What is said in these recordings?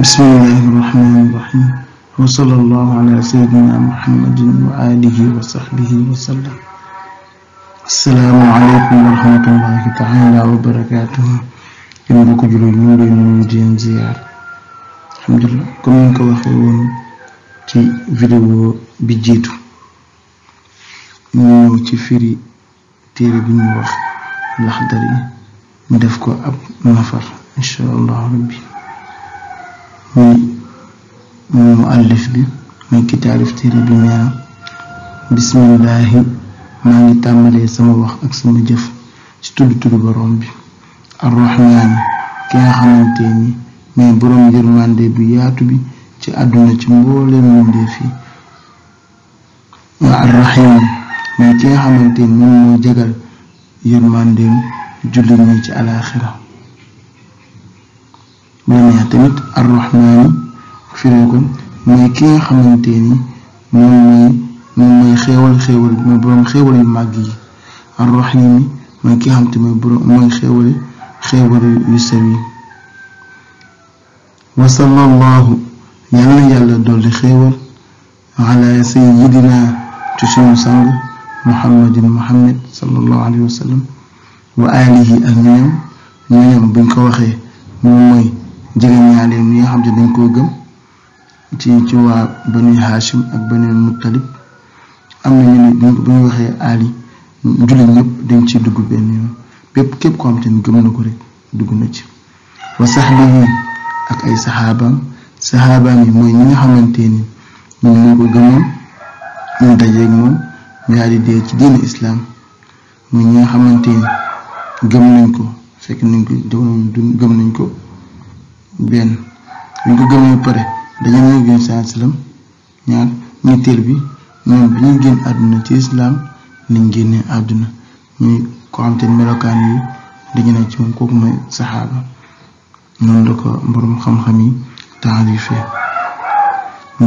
بسم الله الرحمن الرحيم وصلى الله على سيدنا محمد وآله وصحبه وسلم السلام عليكم ورحمة الله تعالى وبركاته yéen mbokk jullit ziyaar alhamdulilah comme ni ñu ko waxee woon ci vidéo bi jiitu firi téere bi ñu wax Laxdari mu def ko ab nafar incha allah rabbi muy muallif bi muy ki téere bi nee na bismillaahi maa ngi tàmbalee sama wax ak sama jëf ci tudd tudd borom bi arrahmaan ki xamante ni mooy borom yërmande bu yaatu bi ci àdduna ci mbooleem mbindeef yi wa arrahiim mooy ki nga xamante ni moom moo jagal yërmandeem jullit ñi ci alaaxira mën neex tamit arrahmaani firee ko mooy ki nga xamante ni moom mooy moom mooy xéewal xéewal mooy boroom xéewal yu màgg yi arrahiimi mooy ki nga xamante mooy boroom mooy xéewal xéewal yu sew yi wa wa sallam wa alihi ak ñoom ñoom buñ ko waxee jigéen ñaale ñi nga xam ne dañ koo gëm ci ci waa banu Hashim ak banu Muttalib am na ñu ne bu ñu waxee Ali jullit ñëpp dañ ci dugg benn yoon bépp képp koo xam te ne gëm na ko rek dugg na ci wa sahbihi ak ay saxaabaam saxaabaam yi mooy ñi ngi xamante ni ñun ñoo ko gëmoon ñu dajeeg moom ñu ci islaam muy nga xamante ni gëm ko fekk nañ ko gëm nañ ko benn ñu ko gëmee ba pare gën saa salaam ñaar ñetteel bi ñoom bi ñuy génn àdduna ci islaam lañ génnee àdduna ñuy ko xam te melokaan yi dañu ne ci moom kooku mooy saxaaba noonu la ko borom xam-xam yi taarifee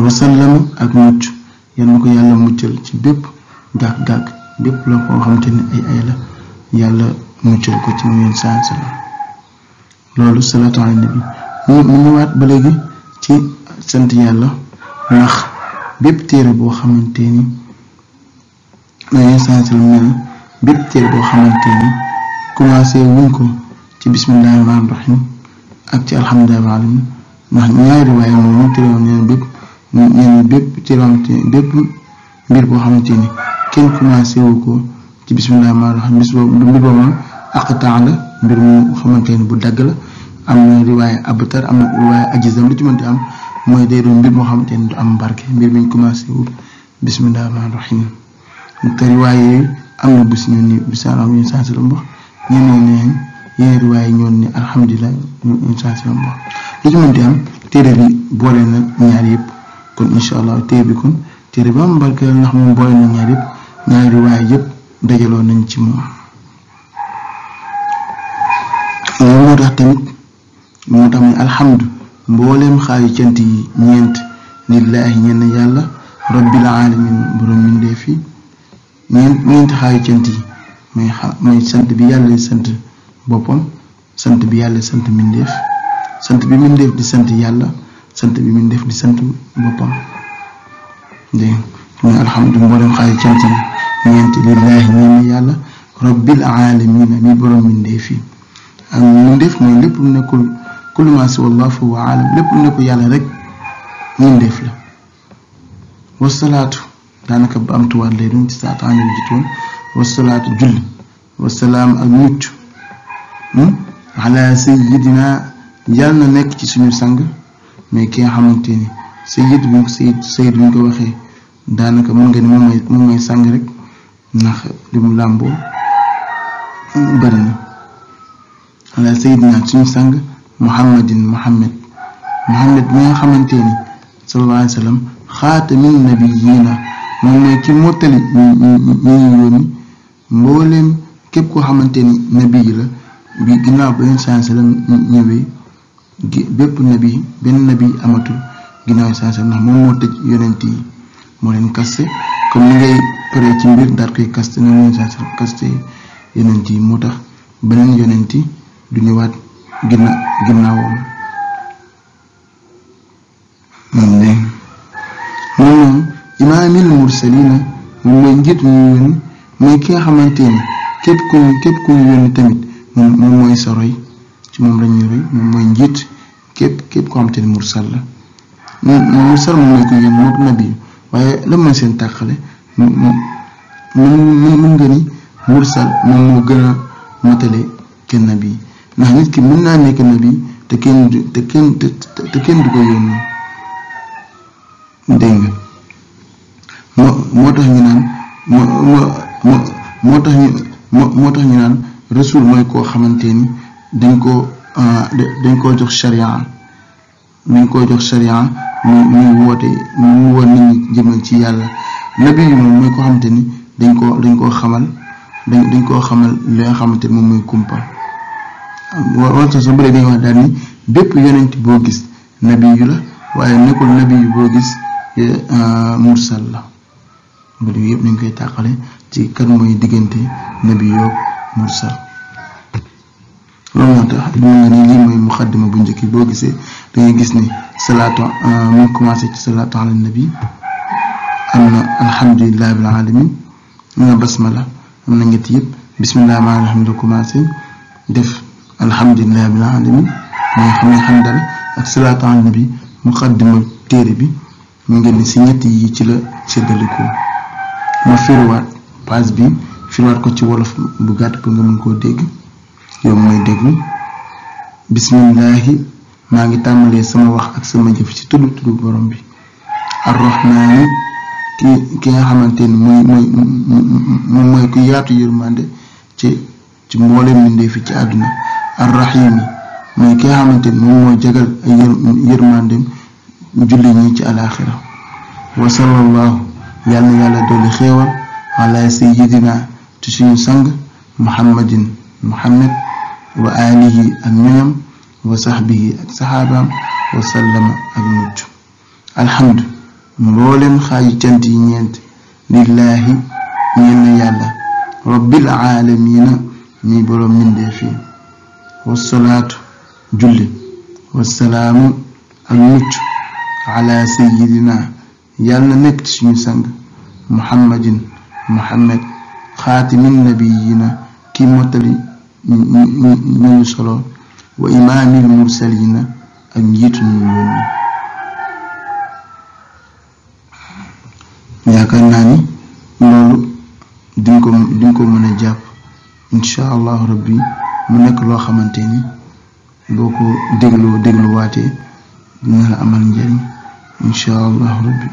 wasallama ak mucc yal na ko yàlla muccal ci bépp gàkk-gàkk bépp la koo xam te ne ay ay la yàlla muccal ko ci mu yéen saa loolu salaatu ala nabi ñu ñëwaat ba léegi ci sant yàlla ndax bépp téere boo xamante ni dañuy sensibiliser mu ne bépp ko ci bismillahi rahmaani rahim ak ci alhamdulillahi alamin ndax ñaari waaye moom ñu téewoon neen bépp neen bépp xamante ni kenn commencé wu ko ci bismillahi rahmaani rahim bis boobu mbir boobu mbir mu xamante bu dagg la am na riwaaya abtar am na riwaaya ajizam lu ci mënti am mooy day doon mbir moo xamante ni du am barke mbir mi ñu commencé wut bisimilah rahmaani rahiim te riwaay yooyu am na bu si ñu ni bisimilah ñu saa si la mboq ñeneen ñeneen yeneen riwaay yi ni alhamdulilah ñu saa si la mboq lu ci am téere bi boole na ñaar yëpp kon incha allah téere bi kon téere bi am barke ndax moom boole na ñaar yëpp ñaari riwaay yëpp dajaloo nañ ci moom. moo tax tamit. moo tax mu alhamdu mboolem xaayu cant yi ñeent lillaahi ñenn yàlla rabbil alamin borom mbindeef yi ñeent ñeenti xaayu cant yi mooy xa mooy sant bi yàlla sant boppam sant bi yàlla sant mbindeef sant sant yàlla sant bi di sant yàlla rabbil alamin mi borom mbindeef yi ak mbindeef mooy lépp lu nekkul kullu si wallahu wa lépp lu ko yàlla rek ñun def la wasalaatu daanaka ba am tuwaat lay ci saa temps ñu jitoon wasalaatu julli wasalaam ak mucc hmm? ala sayidina yàlla na nekk ci suñu sang mais ki nga xamante ni sayid bu ñu ko sayid bu ñu ko waxee daanaka mën nga ni moom mooy sang rek ndax li mu làmboo bëri na ala sayidina suñu sang muhammadin muhammad muhammad mi nga xamante ni sallallahu alayhi wa sallam xaatamin nabiyyiina moom mooy ki mottali ñi ñu yónni mbooleem képp koo xamante ni nabi la bi ginnaaw ba yeneen la ñëwee bépp nabi benn nabi amatul ginnaaw saa ndax moom moo tëj yonent yi moo leen kaste comme ni ngay paree ci mbir daal koy kaste noonu leen saa kaste yonent yi moo tax beneen yonent yi du ñëwaat ginna ginnaawam moom ne moom moom moom mooy njiit mu ñu mooy ki nga xamante ni képp ku képp ku ñu yónni tamit moom moom mooy sa roy ci moom la ñuy roy moom mooy njiit képp képp koo xamante ni mursal la seen tàqale mu mu mun mursal moom moo gën a matale kenn nabi ndax nit ki mën naa nekk nabi te kenn du te kenn kenn du ko yónni dégg nga moo moo tax ñu naan moo moo mooy koo xamante ni dañ ko ah, dañ koo jox sharia dañ koo jox sharia mu mu woote mu woo nit ñi jëmal ci yàlla nabi yi moom mooy koo xamante ni dañ ko dañ koo xamal dañ dañ koo xamal li nga xamante ni moom muy kumpa wancan su bëri dañuy wax daal ni bépp yonent boo gis nabiyu la waaye nekkul nabiyu boo gis eh, euh, mursal la mbir yooyu yëpp koy tàqale ci kan diggante nabiyu nga ni lii mooy muqaddima bu njëkk boo gisee dañuy gis ni salaatu euh, mu commencé ci salaatu ala nabi am na alhamdulillahi bil alamin am na basmala am na ñett yëpp bismillah maanaam la commencé def alhamdulilah bil xam ne xam dal ak salaatu ala nabi muqaddima téere bi mu ngi si ñett yi ci la séddalikoo ma firiwaat page bi firiwaat ko ci wolof bu gàtt pour nga mën koo dégg yow mooy déglu bismillahi maa ngi tàmbalee sama wax ak sama jëf ci tudd tudd borom bi arrahmaani ki ki nga xamante ni mooy mooy moom mooy ku yaatu yërmande ci ci mboolem mbindeef ci àdduna arrahim mooy ki nga xamante ni moom mooy jagal ay yërmandem julli ñi ci alaaxira wa sallallahu yàlla na yàlla dolli xéewal ala sayyidina ci suñu sang muhammadin muhammad wa alihi ak wa saxbihi ak saxaabaam wa sallama ak mujj alhamdu lillaahi ñeen na yàlla rabbil aalamiina ñuy boroom mindee wasalaatu julli wasalaamu ak mucc ala sayidina yàlla na nekk ci suñu sang muhammadin muhammad xaatimin nabiyina ki mottali wa imaamil mursalina ak njiitu ñu yónni yaakaar naa ni loolu dinga ko allahu rabbi mu nekk loo xamante ni boo ko dégloo dégluwaatee dina la amal njariñ incha allah rabbi